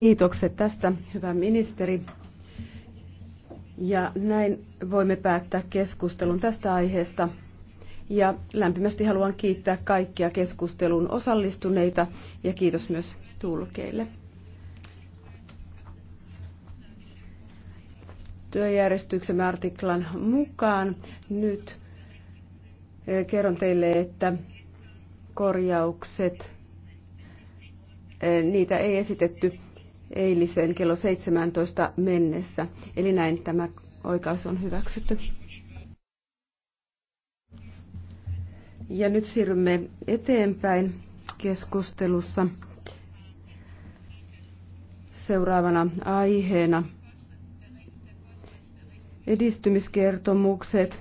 Kiitokset tästä, hyvä ministeri. Ja näin voimme päättää keskustelun tästä aiheesta. Ja lämpimästi haluan kiittää kaikkia keskustelun osallistuneita ja kiitos myös tulkeille. Työjärjestyksen artiklan mukaan nyt eh, kerron teille, että korjaukset, eh, niitä ei esitetty eiliseen kello 17 mennessä. Eli näin tämä oikaus on hyväksytty. Ja nyt siirrymme eteenpäin keskustelussa. Seuraavana aiheena edistymiskertomukset